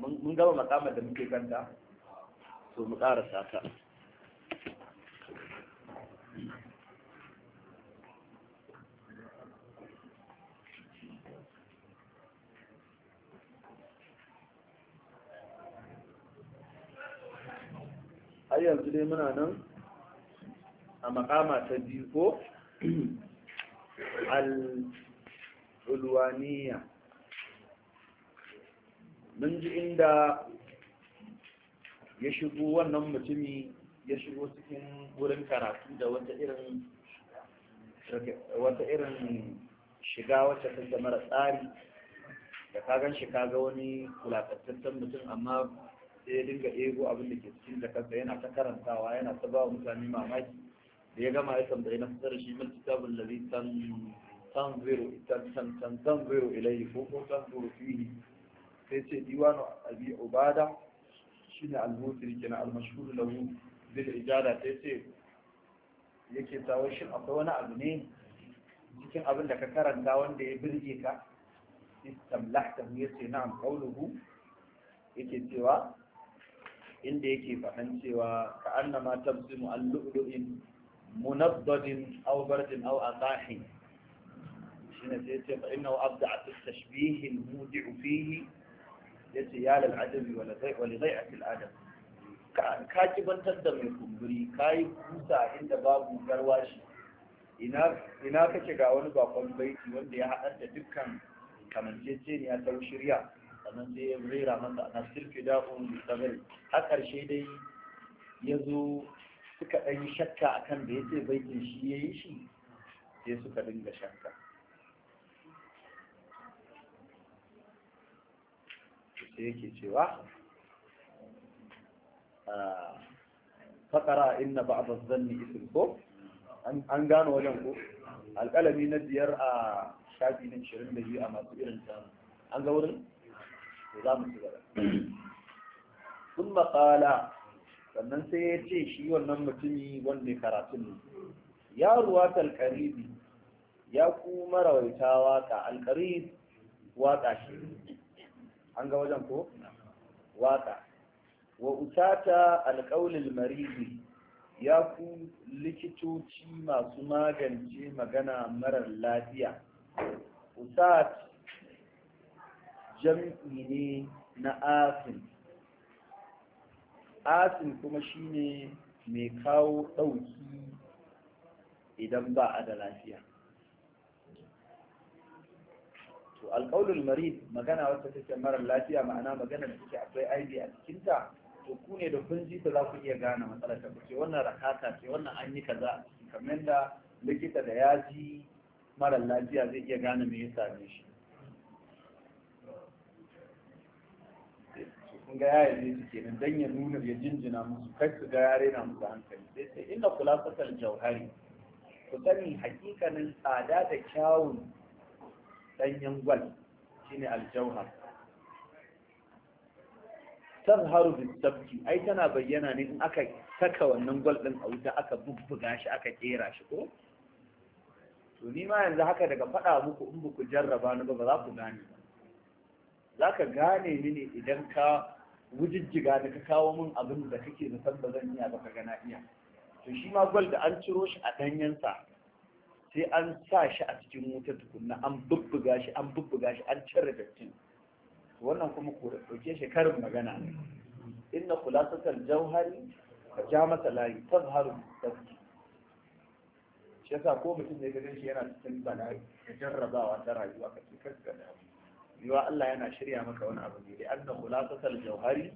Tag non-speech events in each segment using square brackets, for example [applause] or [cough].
mun gaba makamar da muke kanta to mu ƙarasa ta har yanzu dai muna nan a makama ta biyu ko [clears throat] al-ulwaniya mun ji inda ya shigo wannan mutumi ya shigo cikin wurin karatu da wata irin wata irin shiga wacce take da tsari da ka gan shi ka ga wani kulatattaccen mutum amma sai ya dinga ego abin da ke cikin jakarta yana ta karantawa yana ta ba wa mutane mamaki da ya gama ya tambayi na fitar shi min kitabun da zai san san zero ko ko san zero fihi sai ce diwanu abi ubada shine al-mutri kenan al-mashhur lahu bil ijada sai ce yake tawo shin akwai wani abu ne cikin abin da ka karanta wanda ya birge ka istamlahta ya ce na'am qauluhu yake cewa inda yake faɗan cewa ka annama tabsimu al-lu'lu'in munaddadin aw bardin aw aqahin shine sai ce fa innahu abda'at at-tashbih al-mudi'u fihi ya ce ya lal wani zai a adam ka kibantar da mai kumburi ka yi kusa inda babu garwashi ina kake ga wani bakon baiti wanda ya haɗar da dukkan kamanceceniya ta shirya sannan sai ya rera masa na sirfi da'un musamman har ƙarshe dai ya zo suka ɗan shakka akan da ya ce baikin shi ya yi shi sai suka dinga shakka sai yake cewa ah, fakara inna ba a zanni isin ko an gano wajen ko alƙalami na biyar a shafi na shirin da biyu a masu irin ta an ga wurin za mu cigaba. sun maƙala sannan sai ya ce shi wannan mutumi wanda karatun ne ya ruwa talƙaribi ya kuma rawaitawa ta alƙarib waƙa shi an ga wajen ko waka wa usata alƙaulil maridi ya ku likitoci masu magance magana marar lafiya usat jam'i ne na asin asin kuma shine mai kawo ɗauki idan ba a da lafiya to alƙaulul marid magana wacce take marar lafiya ma'ana magana da take akwai aibi a cikinta to ku ne da kun ji ta za ku iya gane matsalar ta ce wannan rakata ce wannan an yi kaza kamar da likita da ya ji marar lafiya zai iya gane me ya same shi kun ga yaya ne su kenan dan ya nuna ya jinjina musu kai su ga yare na musu hankali sai sai inna kulafatal jauhari ku sani hakikanin tsada da kyawun ɗanyen gwal shine aljauhar tazharu sabki ai tana bayyana ne in aka saka wannan gwal din a wuta aka bubbuga shi aka kera shi ko to ni ma yanzu haka daga faɗa muku in buku jarraba ni ba ba za ku gane ba za ka gane ni ne idan ka wujijjiga da ka kawo min abin da kake zaton ba zan iya ba ka gana iya to shi ma gwal da an ciro shi a ɗanyensa sai an sa shi a cikin wuta tukunna an bubbuga shi an bubbuga shi an cire dattin wannan kuma ko dauke shi karin magana ne inna khulasatul jauhari ka ja masa layi tazharu tazki shi yasa ko mutum ne ga shi yana cikin bala'i da jarrabawa ta rayuwa ka ce kaska da yiwa Allah yana shirya maka wani abu ne da anna khulasatul jauhari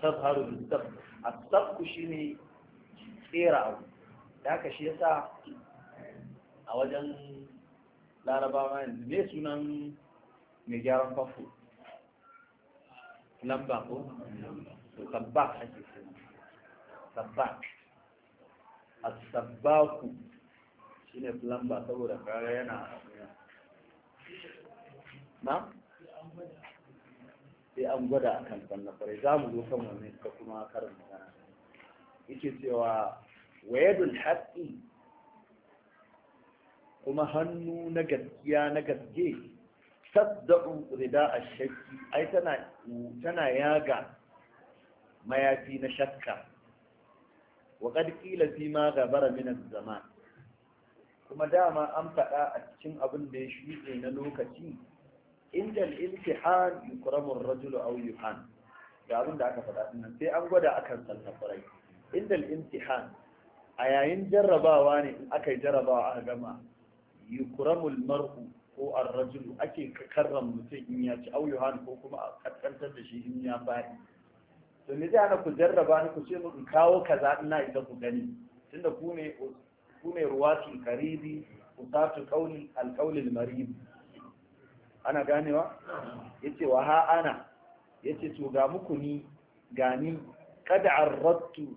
tazharu bisabq as shi shine tsira abu da haka shi yasa a wajen larabawa yanzu ne sunan mai gyaran fafo lamba ko sabbak ake suna sabbak a sabbaku shi ne lamba saboda kare yana na? sai an gwada a kan sannan fara za mu zo kan wani ka kuma karin magana yake cewa wayadul haƙi kuma hannu na gaskiya na gaske sadda'u rida a shakki ai tana yaga mayafi na shakka wa ƙila fi ma gabara minan zaman kuma dama an faɗa a cikin abin da ya shuɗe na lokaci inda al-iltihan yukramu ar-rajul aw yuhan ga abin da aka faɗa dinnan sai an gwada akan sallar farai inda al-imtihan a yayin jarrabawa ne in aka yi jarrabawa a gama yukramul mar'u ko ar-rajulu ake karram mutum in ya ci auyuhan ko kuma a kaskantar da shi in ya fadi to ne zai ku jarraba ni ku ce mu in kawo kaza ina idan ku gani tunda ku ne ku ne ruwatul karibi usatu qawli al-qawli marib ana ganewa yace wa ha ana yace to ga muku ni gani kada arrattu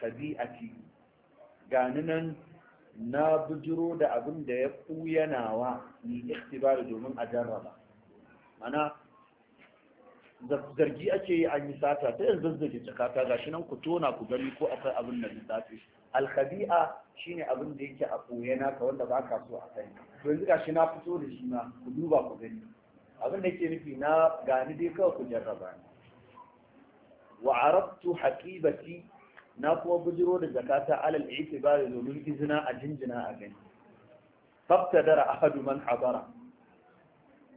shabi'ati gani nan na bujiro da abin da ya kuyanawa ni ikhtibari domin a jarraba mana zargi ake yi an yi sata ta yanzu zazzage cikata gashi nan ku tona ku gani ko akwai abin da zafi alkhabi'a shine abin da yake a ɓoyana ka wanda ba ka so a kai yanzu gashi na fito da shi ma ku duba ku gani abin da yake nufi na gani dai kawai ku jarraba ni wa arabtu haqibati na kuma bujiro da zakata alal itibari domin izina a jinjina a gani dara ahadu man habara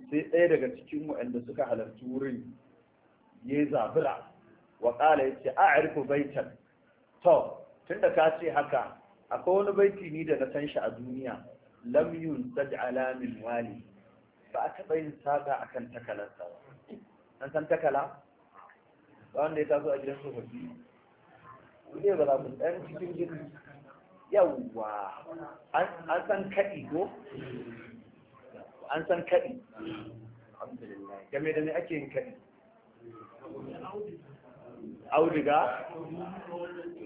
sai ɗaya daga cikin waɗanda suka halarci wurin ya zabura wa ƙala ya ce a arifu baitan to tunda da ka ce haka akwai wani baiti ni da na san shi a duniya lam yun sad alamin wali ba a taɓa yin saƙa akan takalarsa ba an san takala ba wanda ya taso a gidan tsofaffi ne ba za ku dan cikin jirgi yawwa an san kaɗi ko an san kaɗi alhamdulillah game da me ake yin kaɗi auduga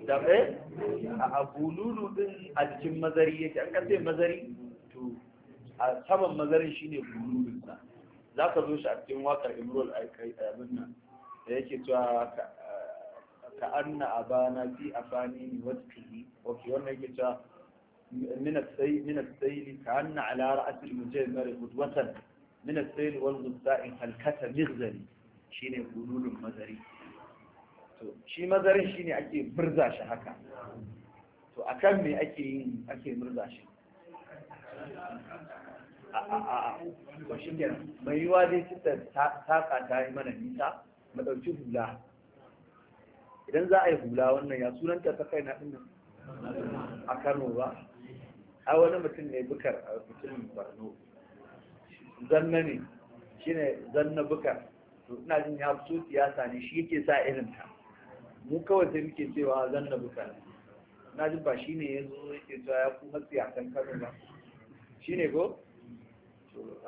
da ɗaya a bululu din a cikin mazari yake an kasai mazari to a saman mazarin shine bululun sa za ka zo shi a cikin wakar imrol a abin nan da yake cewa ka anna abana fi afani wasfihi okay wannan yake cewa من السيل من السيل كأن على رأس المجمر قدوة sai السيل والغثاء هلكة مغزري شين قلول مزري shi mazarin shi ne ake murza shi haka to a kan me ake yin ake murza shi a a a shi kenan mai yiwa dai ta ta ta yi mana nisa mu ɗauki hula idan za a yi hula wannan ya sunanta ta kai na nan a Kano ba a wani mutum ne bukar a mutumin barno zanna ne shi ne zanna bukar to ina jin ya fito siyasa ne shi yake sa irin ta mu kawai sai muke cewa zanna bukar na jin ba ne ya zo yake cewa ya kuma siyasan Kano ba Shi ne ko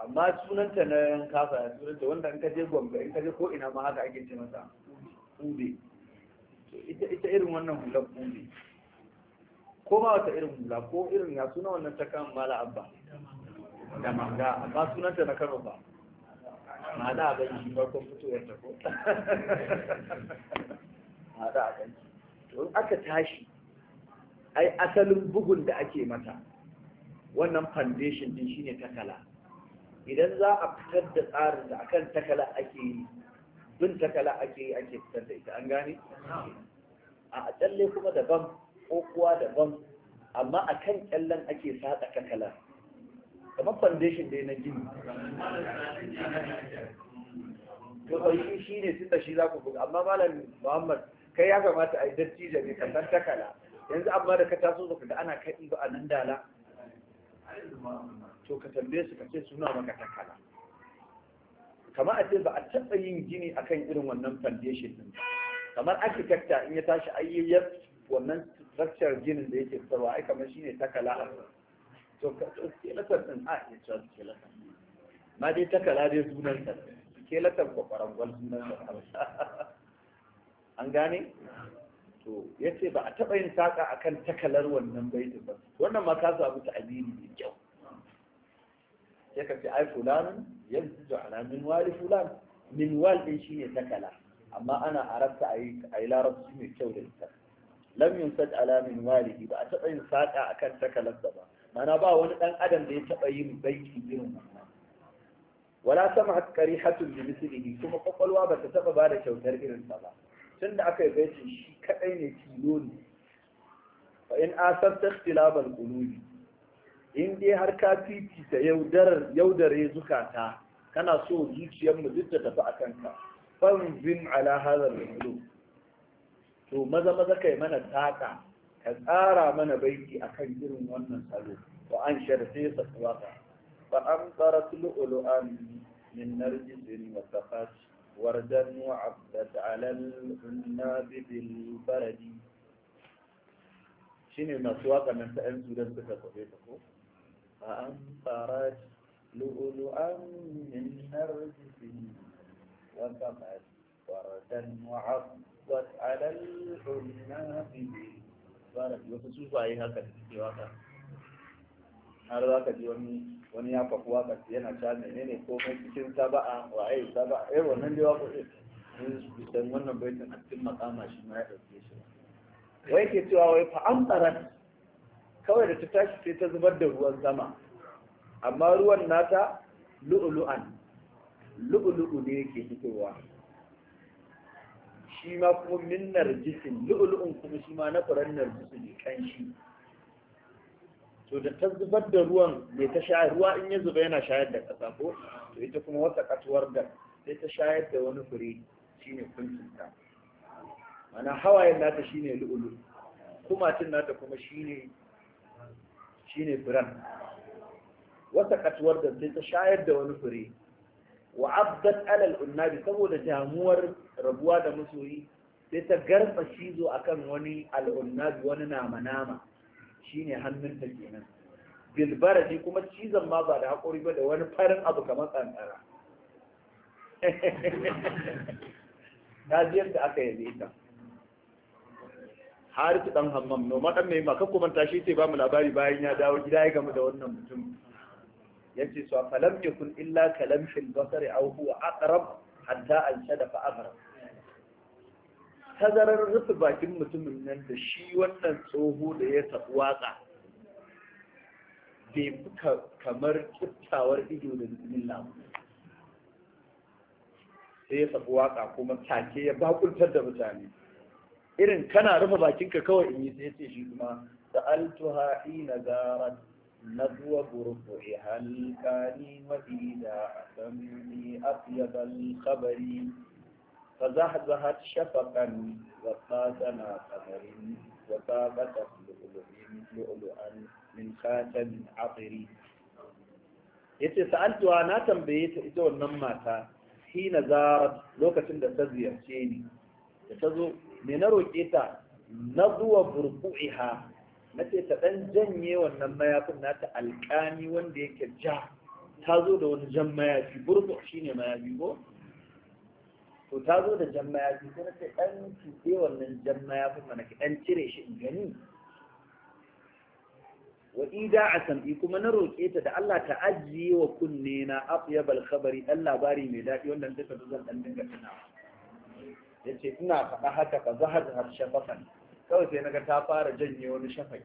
amma sunanta na ya sunanta wanda in ka je Gombe in ka je ko ina ma haka ake ce masa ube ita irin wannan hular ne ko ba wata irin hula ko irin ya suna wannan ta kan mala abba da manga ba sunanta na karo ba mada a ba farkon fito ta ko [laughs] mada a banki to in aka tashi ai asalin bugun da ake mata wannan foundation din shine takala idan za a fitar da tsarin da akan takala ake yi bin takala ake yi ake fitar da ita an gane a tsalle kuma daban ko kuwa daban amma a kan kyallen ake sata kakala kamar foundation dai na gini to ɗauki shi ne tunda shi za ku buga amma malam muhammad kai ya kamata a yi da ne kallon takala yanzu amma da ka taso ba ga ana kaɗi ba a nan dala to ka tambaye su ka ce suna maka takala kamar a ce ba a taɓa yin gini akan irin wannan foundation ɗin kamar architecture in ya tashi ayyayyar wannan structure ginin da yake tsarwa ai kamar ne takala a to skeleton ɗin a ya ce skeleton ma dai takala dai sunan sa skeleton kwakwarangwal sunan sa an gane to yace ba a taɓa yin saka akan takalar wannan baitin ba wannan ma ka samu ta'abiri mai kyau sai ka fi ai fulanun yanzu ana wali fulan minwal din shine takala amma ana arabta ayi yi larabci mai kyau da ita lam yunsad ala minwalihi ba a taba yin saƙa akan takalarsa ba mana ba wani dan adam da ya taba yin baiti irin wannan wala sama hakkari hatun bi mislihi kuma kwakwalwa ba ta taɓa ba da kyautar irin sa ba Tunda da aka yi baitin shi kaɗai ne tilo ne fa in asar ta ikhtilabal qulubi in dai har ka fifita yaudare zukata kana so zuciyarmu duk ta tafi a kanka fanzin ala hazar mulu to maza maza kai mana taka ka tsara mana baiti akan irin wannan salo wa an sharfe sa tsawata fa an tsara an min narjisin wa wardan wa abdat ala nabi bil baradi shine masu waka nan ta 'yan sudan suka ta ko فأنفرت لؤلؤا من نرجس وكمت وردا وعضت على العناق بارك وتسوف أي هكذا في واقع har za ka ji wani wani ya fafi waka yana ta ne ko mai cikin saba'a wa ai saba'a eh wannan dai waka dan wannan baitin a cikin makama shi ma ya dauke shi wai ke cewa wai fa an kawai da ta tashi sai ta zubar da ruwan sama amma ruwan nata lu'ulu'an lu'ulu'u ne yake fitowa shi ma kuma min narjisin lu'ulu'un kuma shi ma na furen narjisu ne kanshi to da ta zubar da ruwan mai ta sha ruwa in ya zuba yana shayar da ƙasa ko to ita kuma wata katuwar da sai ta shayar da wani fure shine kuncinta mana hawayen nata shine lu'ulu kumatin nata kuma shine shine furan wata katuwar da sai ta shayar da wani fure wa abdat alal unnabi saboda damuwar rabuwa da masoyi sai ta garba cizo akan wani al unnabi wani nama nama shine ta kenan bilbaraji kuma cizon ma ba da hakuri ba da wani farin abu kamar tsantsara ta [laughs] ji da aka yabe ta harisu dan hammam noma dan mai maka kuma ta shi ce ba mu labari bayan ya dawo gida ya gamu da wannan mutum yace so falam yakun illa kalam fil basari aw huwa aqrab hatta an shada fa aqrab tazarar rufe bakin mutumin nan da shi wannan tsoho da ya tafi watsa bai fi kamar kiftawar ido da bismillah sai ya tafi waka kuma take ya bakuntar da mutane irin kana rufe bakinka kawai in yi sai ce shi kuma sa'altuha ina gara na zuwa gurbu a mafi da asamuni afiyatar kabari ta zahazaha shafakan wa tsatsana kamarin wa tsabata lulubin ya ce sa'altuwa na tambaye ta ita wannan mata shi na zarar lokacin da ta ziyarce ni da me na roƙe ta na zuwa burku'iha na ce ta ɗan janye wannan mayafin nata alƙani wanda yake ja ta zo da wani jan mayafi burbu ne mayafi ko to ta zo da jan mayafi ko na ce ɗan tuɗe wannan jan mayafin mana ki ɗan cire shi in gani wa ida a sam'i kuma na roƙe ta da Allah ta ajiye wa kunne na afyabal khabari ɗan labari mai daɗi wanda ta zo zan ɗan dinga tunawa ya ce ina faɗa haka ka da harshen basan kawai sai naga ta fara janye wani shafaki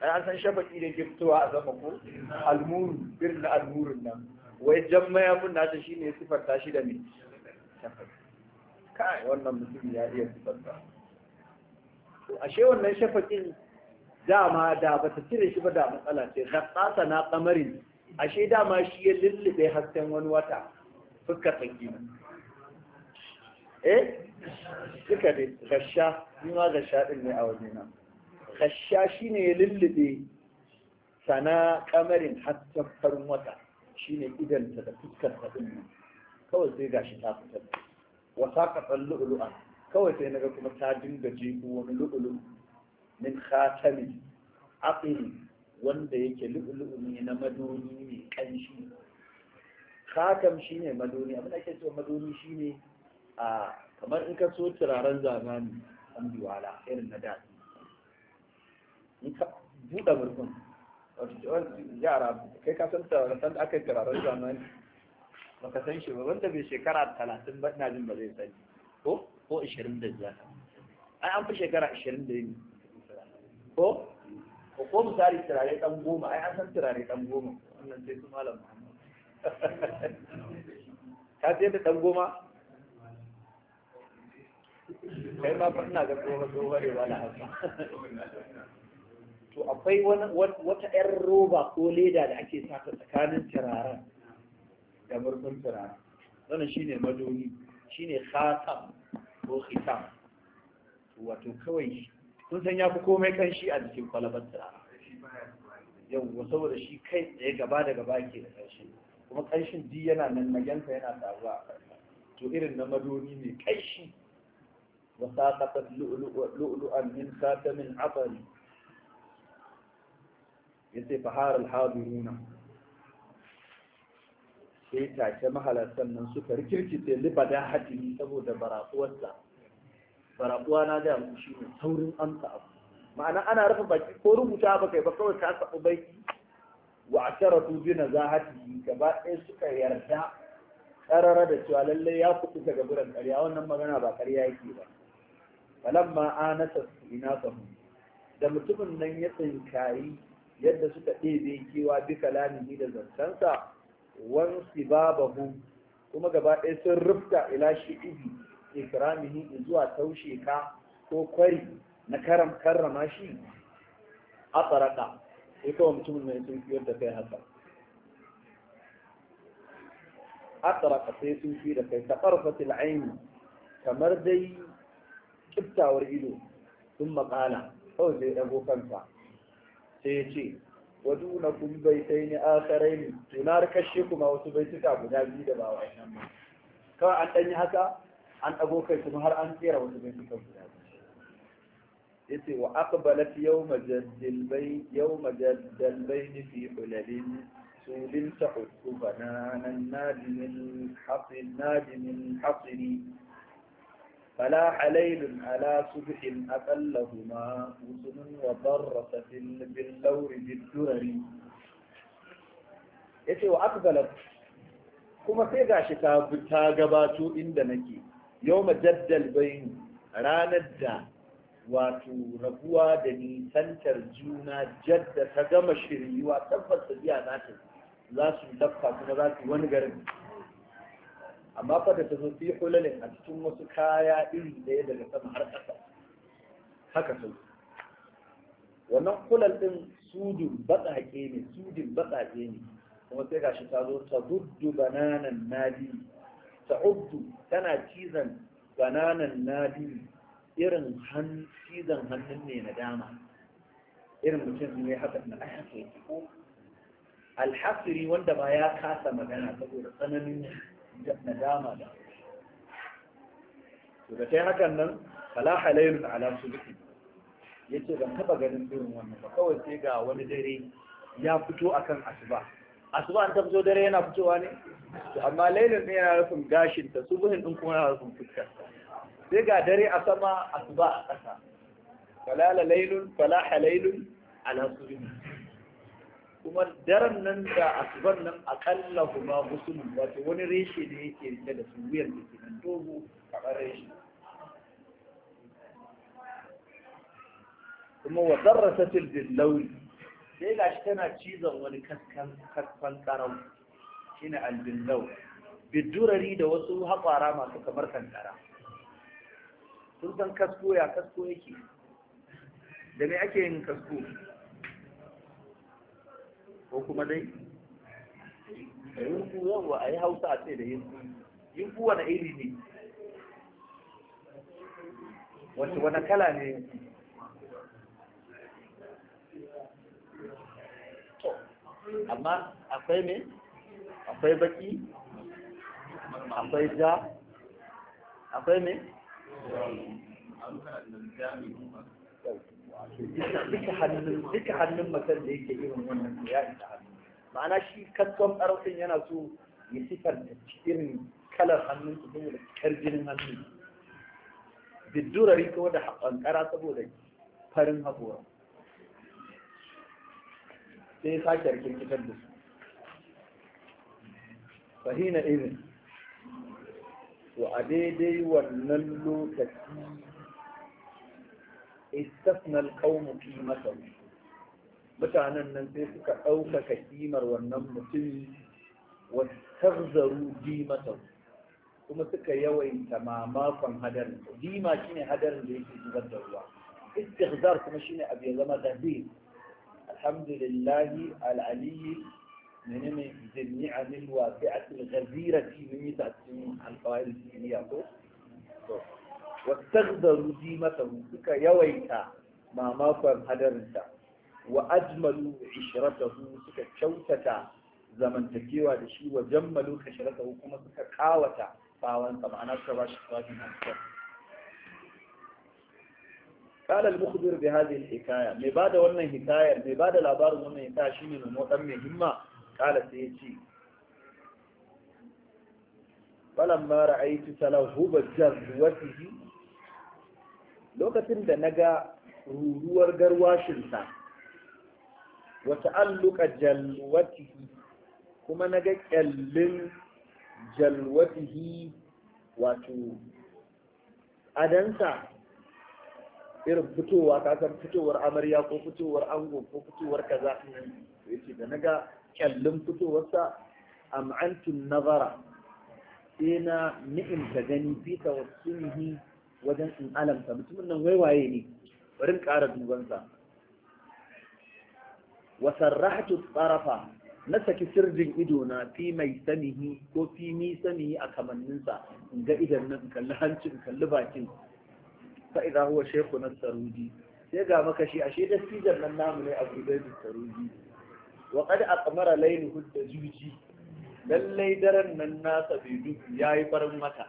ai an san shafaki da ke fitowa a zama ko almuru irin na almurun nan wai jan mun nata shi ne sifarta shi da me shafaki kai wannan mutum ya iya sifarta ashe wannan shafakin dama da ba ta cire shi ba da matsala ce tsasa na kamarin ashe dama shi ya lullube hasken wani wata fuskar sakina eh Suka dai gasha ni din ne a wajena gasha shine ya lullube sana kamarin hatta farin wata shine ta da fuskar ta din kawai sai gashi ta fita wa saqata lu'lu'a kawai sai naga kuma ta dinga jiko wani lu'lu min khatami aqli wanda yake lu'lu'u ne na madoni mai kanshi khatam shine madoni abin da ake cewa madoni shine a kamar in ka so turaren zamani an duwala irin na da in ka buɗe murfin yara kai ka san san aka yi turaren zamani baka san shi ba wanda bai shekara talatin ba ina jin ba zai sani ko ko ashirin da biyar ai an fi shekara ashirin da yi ko ko misali turare ɗan goma ai an san turare ɗan goma wannan sai su malam [laughs] ka sai da ɗan goma kai ma fa ina ga tsohon tsohon to akwai wata 'yan roba ko leda da ake sata tsakanin turaren da murfin turaren wannan shine madoni shine khatam ko khitam wato kawai kun san ya fi komai kan shi a jikin kwalabar turaren yau saboda shi kai tsaye gaba da gaba ke da ƙarshen kuma ƙarshen di yana nan na yana taruwa a ƙarshen to irin na madoni mai ƙarshen وساقطت لؤلؤا من خاتم عطر yace fahar alhadiruna sai take mahalartan nan suka rikirkice libada hajji saboda barakuwarsa barakuwa na da muku shi ne saurin amsa abu ma'ana ana rufe baki ko rubuta ba kai ba kawai ka sabu baiki wa asharatu bi nazahati gaba ɗaya suka yarda karara da cewa lallai ya kuɗi daga buran ƙarya wannan magana ba ƙarya yake ba falamma anasa inasahum da mutumin nan ya tsinkayi yadda suka ɗebe kewa bi kalamihi da zancensa wan sibabahu kuma gaba ɗaya sun rufta ila shi shi'ibi ikramihi zuwa taushe ka ko kwari na karam karrama shi a tsaraka sai kawai mutumin nan sun fiyar da kai haka a tsaraka sai sun da kai ta ƙarfatil aini kamar dai kiftawar ido sun makana kawai zai ɗago kansa sai ya ce wadu na kun bai sai ni asarai ne tunar kashe kuma wasu bai tuka guda biyu da ba wa ba kawai an ɗanyi haka an ɗago kai kuma har an tsera wasu bai tuka guda biyu ya ce wa aka balafi yau yawma jaddalbai fi hulalin سولمت حسب نانا na حصن nadimin حصري فلا حليل على صبح أقلهما وسن وضرة باللور بالدرر yace wa akbalat kuma sai gashi ta ta gabato inda nake yawma jaddal bayn ranar da wato rabuwa da tantar juna jadda ta gama shiryuwa tabbas biya na ta za su dafa kuma za su wani garin amma fa da tafi fi hulale a cikin wasu kaya iri ya daga sama har ƙasa haka sau wannan hulal ɗin sudin baƙaƙe ne sudin baƙaƙe ne kuma sai gashi ta zo ta guddu bananan nadi ta uddu tana cizon bananan nadi irin cizon hannun ne na dama irin mutum ne haka na ai haka yake ko alhasiri wanda ba ya kasa magana saboda tsananin nadama da su da kai hakan nan fala halailun ala Ya yace ban taɓa ganin irin wannan ba kawai sai ga wani dare ya fito akan asuba asuba an tafi dare yana fitowa ne to amma lailin ne yana rufin gashin ta subuhin din kuma yana rufin fuskar sai ga dare a sama asuba a ƙasa falala lailun fala halailun ala suluki kuma daren nan da asuban nan akalla kuma musulun wato wani reshe ne yake rike da su wuyar da ke nan dogo kamar reshe kuma wa zarrata tilbin lauri sai gashi tana cizon wani kaskan karau albin lau. bidurari da wasu haƙwara masu kamar kankara sun san kasko ya kasko yake da me ake yin kasko ko kuma dai yinku yawa a yi hausa a ce da yinku yinku wani iri ne wace wani kala ne amma akwai ne akwai baki akwai ja akwai ne duka hannun duka hannun mutum da yake irin wannan ya isa hannu ma'ana shi kaskon ɗarfin yana so ya sifar da irin kalar hannun su saboda cikar jinin hannun biddurari ko da haƙanƙara saboda farin haƙora sai ya sake rikirkitar da su fahina irin to a daidai wannan lokaci istasna alqawm qimatahu mutanen nan sai suka ɗaukaka kimar wannan mutumi wa tarzaru qimatahu kuma suka yawaita mamakon hadarin dima shine hadarin da yake zubar da ruwa istighzar kuma shine abu ya zama gazir alhamdulillahi al'aliyyi menene zilmi anil wasi'atil ghazirati min yi ta cikin alƙawarin duniya ko wa da ruzi masa suka yawaita mamakon hadarinta wa ajmalu ishratahu suka kyautata zamantakewa da shi wa jammalu ishratahu kuma suka kawata bawan sa ma'ana suka bashi tsawon hankali قال المخبر بهذه الحكاية من بعد ولا حكاية من بعد الأبار ولا حكاية شيء من المؤمن مهمة قال سيتي فلما رأيت تلهب جذوته lokacin da na ga ruruwar garwashinsa wata ta'alluqa jalwatihi kuma naga ga kyallin jalwatihi wato adansa irin fitowa ka san fitowar amarya ko fitowar ango ko fitowar kaza yace da naga ƙyallin fitowarsa am'antun nazara sai na ni'imta gani fi tawassunihi wajen in alamta mutumin nan waiwaye ne bari ƙara dubansa wasarrahatu tsarafa na saki sirrin ido na fi mai sanihi ko fi ni sanihi a kamanninsa in ga idan nan kalli hancin, in kalli bakin fa idza huwa shaykhu nasarudi sai ga maka shi ashe dattijan nan namu ne abu da sarudi wa qad aqmara layluhu dajuji lallai daren nan nasa bai duhu yayi farin mata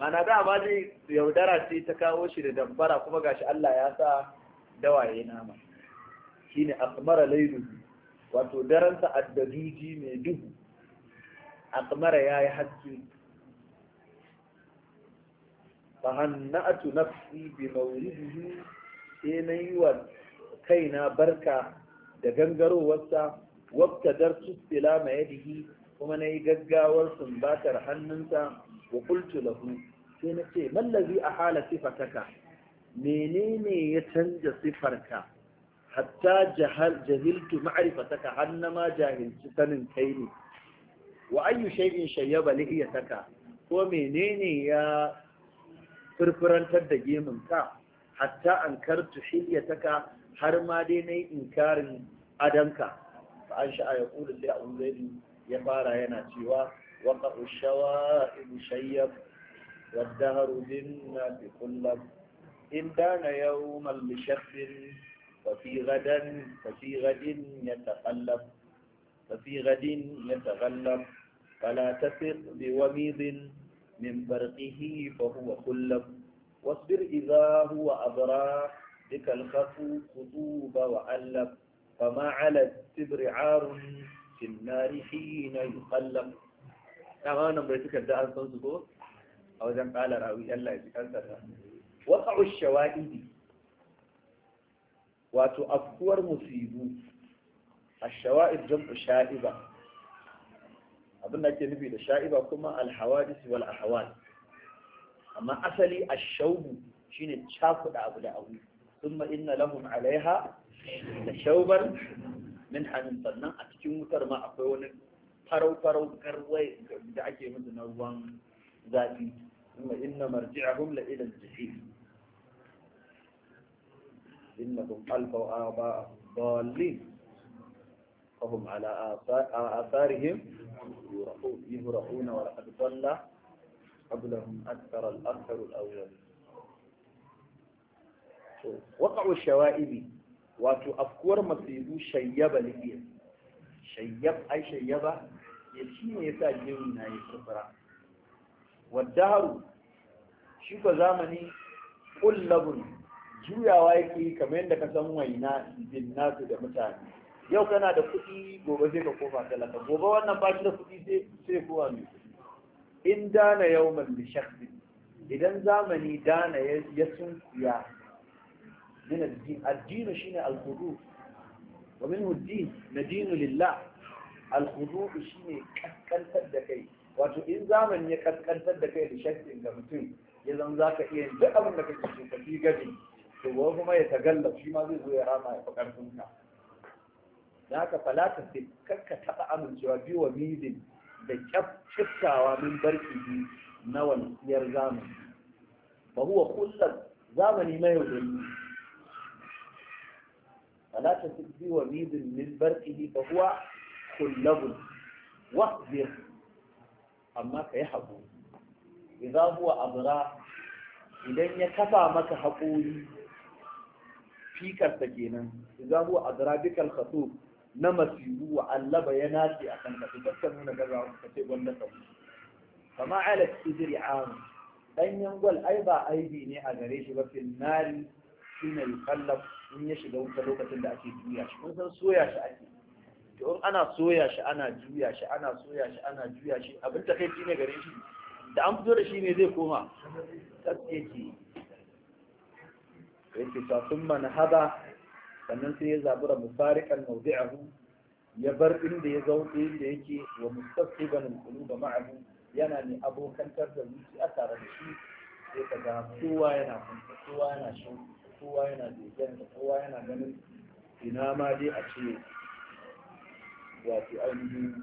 mana dama dai yaudara ce ta kawo shi da dambara kuma gashi Allah ya sa dawaye nama shine akmara laylu wato daransa addaduji mai duhu akmara yayi haske fa hannatu nafsi bi mawlidihi sai na yi wa kaina barka da gangarowarsa wabtadar tusbila ma yadihi kuma na yi gaggawar sumbatar hannunsa wa kultu lahu sai na ce mallazi a hala sifataka menene ya canja sifarka hatta jahiltu ma'rifataka har na ma jahilci sanin kai ne wa ayyu shay'in shayyaba lihiyataka ko menene ya furfurantar da gemin ka hatta ankartu taka har ma dai nayi inkarin adanka fa an sha'a yaqulu li ya fara yana cewa waqa'u shawa'ib shayyab والدهر للناس كله إن كان يوما لشخص ففي غدا ففي غد يتقلب ففي غد يتغلب فلا تثق بوميض من برقه فهو كلب واصبر إذا هو أبرى بك الخف خطوب وألب فما على التبر عار في النار حين يقلب أنا بريتك الدعاء صوتكم a wajen kala rawi Allah ya kansa ta waqa'u idi wato afkuwar musibu ash-shawa'id jam'u sha'iba abin da ke nufi da sha'iba kuma al-hawadis wal ahwal amma asali ash-shawbu shine cakuda abu da abu thumma inna lahum 'alayha da shauban min hannun sannan a cikin wutar ma akwai wani farau-farau garwai da ake musu na ruwan zafi ثم إن مرجعهم لإلى الجحيم إنهم ألفوا آباءهم ضالين فهم على آثارهم يهرعون ولقد ضل قبلهم أكثر الأكثر الأول وقع الشوائب أفكور مصيبو شيب لكي شيب أي شيب يشين يسا جنون هاي الكفرة والدهر shi ko zamani kullabun juyawa yake yi kamar yadda ka san waina nasu da mutane yau kana da kuɗi gobe sai ka kofa talaka gobe wannan ba shi da kuɗi sai sai kowa mai kuɗi in dana yawman da shakhsi idan zamani dana ya sunkuya min addini addini shine al-khudu wa minhu ad-din nadinu lillah al shine kaskantar da kai wato in zamani ya kaskantar da kai da ga mutum ya zan za ka iya duk abin da kake so ka fi gadi to wa kuma ya tagalla shi ma zai zo ya rama ya fakar karfin ka da haka falata sai kakka taɓa amincewa bi wa midin da kyaftawa min barki na wanciyar zamani ba huwa kullum zamani mai min barki تسد وبيد من برقه فهو amma ka yi كيحبون idza huwa abra idan ya kafa maka haƙori fikarsa kenan idza huwa abra bikal khatub na masiru wa allaba ya nace a kan kasu kakka nuna gaza ka ce gwanda ka mutu kama ala kijiri amu ɗanyen gwal ai ba aibi ne a gare shi ba finnari shi ne kallaf in ya shiga wuta lokacin da ake juya shi kun san soya shi ake to in ana soya shi ana juya shi ana soya shi ana juya shi abin ta kai ne gare shi da an fito da shi ne zai koma ya yake ta sun mana haɗa sannan sai ya zaɓi da mufarikan mawdi'ahu ya bar inda ya zaune inda yake wa mustaqbilan da ma'ahu yana ne abokantar da a tare da shi sai ka ga kowa yana kunta kowa yana shin kowa yana begen da kowa yana ganin ina ma dai a ce wato ainihin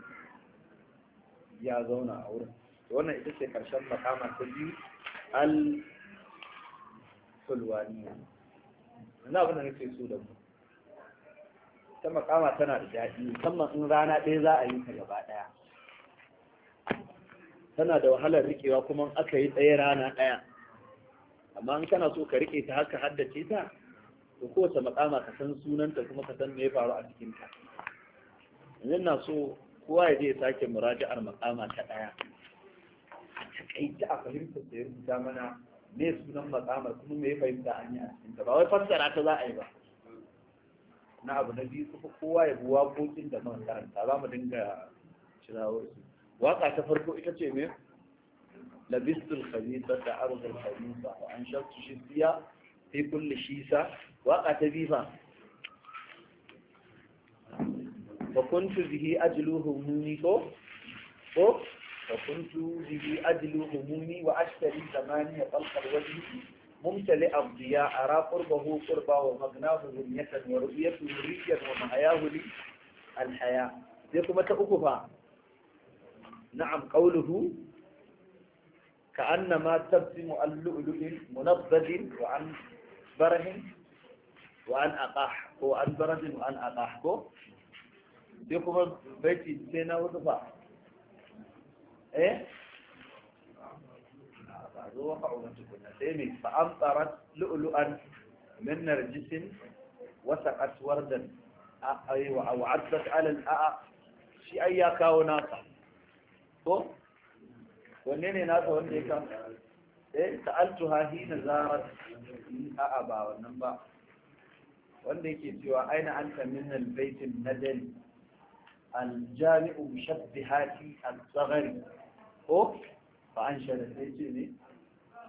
ya zauna a wurin wannan ita ce karshen makama ta biyu al sulwaniya na abin da nake so da mu ta makama tana da daɗi musamman in rana ɗaya za a yi ta gaba ɗaya tana da wahalar rikewa kuma aka yi tsaye rana ɗaya amma in kana so ka rike ta haka haddace ta to kowace makama ka san sunanta kuma ka san me ya faru a cikinta. ta so kowa ya je ya sake muraji'ar makama ta ɗaya takaice a fahimtar da ya rubuta mana me sunan matsamar kuma me fahimta an yi a cikin ta ba wai fassara ta za a yi ba na abu na biyu kuma kowa ya bi waƙoƙin da man karanta za mu dinga cirawo su waƙa ta farko ita ce me labistul khabisa da arzul khabisa wa an shaftu shisiya fi kulli shisa waƙa ta biyu fa wa kuntu bihi ajluhu muni ko ko فكنت به أدل همومي وأشتري ثمانية طلق الوجه ممتلئ الضياء أرى قربه قربا ومغناه دنية ورؤيته ريا ومحياه لي الحياة لكم تأكفا نعم قوله كأنما تبسم اللؤلؤ منضد وعن بره وعن أقاح وعن برد وعن أقاح لكم بيتي سينا وطفا ايه فأمطرت لؤلؤا من نرجس وسقت وردا أيوة أو عدت على شي ايا أي كوناتا ونيني ناتا ونيكا إيه سألتها حين زارت أبا ونبا ونيكي سوى أين أنت من البيت الندل الجامع بشبهاتي الصغري وأنشد إيه سيتيني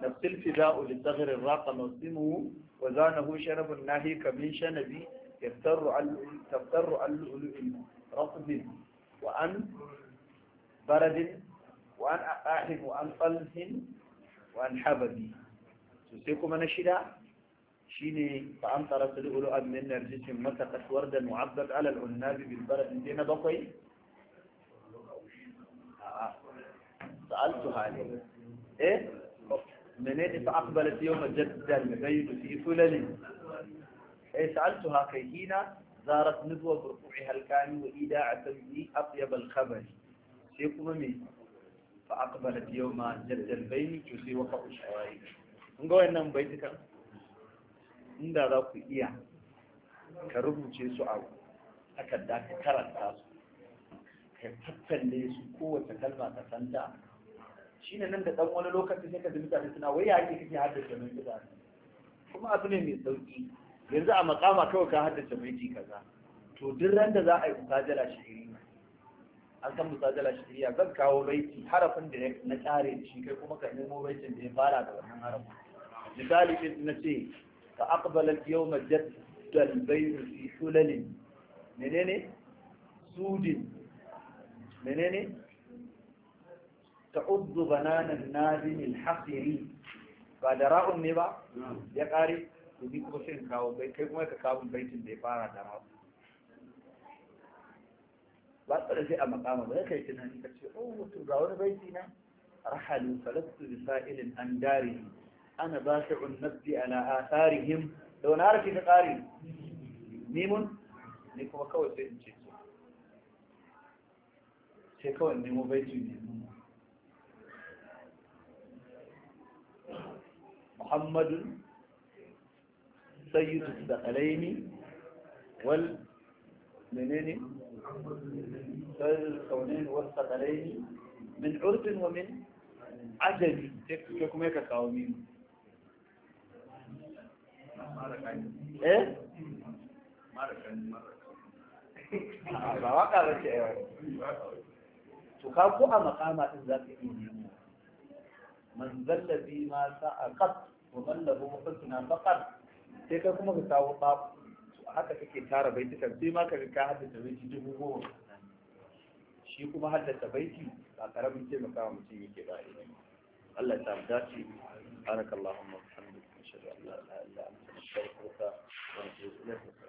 نفس الفداء للصغر الراق نصيمه وزانه شنب الناهي كمن شنبي يفتر تفتر اللؤلؤ رطب وأن برد وأن أحب وأن طلف وأن حببي سيكم أنا الشداء شيني فأمطرت لؤلؤا من نرجس مسكت وردا وعبت على العناب بالبرد دين بقي فسألتها لي إيه منين فأقبلت يوم جدا المبين في سلل إيه سألتها كيهين زارت نبوة برفوعها الكامل وإيداع تبني أطيب الخبر سيقوم مين فأقبلت يوم جد البين تسي وقع الشوائب نقول إنهم بيتك إن ذاك إياه كربو جيسو أو أكد ذاك كرد تاسو كيف تتلي سكوة كلمة تسندع shine nan da dan wani lokaci sai ka ji mutane suna wai yake kake haddace mai kaza kuma abu ne mai sauki yanzu a makama kawai ka haddace mai kaza to duk ran da za a yi musajala shiri an san musajala shiri zan kawo baiti harafin da na tsare shi kai kuma ka nemo baitin da ya fara da wannan harafin misali din na ce ka aqbala al-yawma jaddal bayru fi sulalin menene sudin menene تعض بنان النازم الحقيري بعد راء النبا نعم. يا قاري تبي كوشين كاو بيت كيف ما كاو بيت اللي فارا دراء بعد رجع مقام ده كي تنام كشي أوه تراون بيتنا رحل فلست بسائل أنداري أنا باشع النبض على آثارهم لو نعرف يا قاري ميمون نيكو كاو بيت شيء شيء كاو نيمو ميمون محمد سيد الثقلين وال منين سيد الكونين والثقلين من عرف ومن عجم تكم هيك قاومين ايه ba waka ba ce yawa to ka ko a makama din wa له lahu فقط faqat sai kai kuma ka kawo babu haka kake tara baitukan sai ma ka ga ka haddace baiti dubu goma shi kuma haddace baiti ba karamin taimakawa mutum yake ba idan Allah ya samu dace barakallahu wa bihamdika ashhadu an la ilaha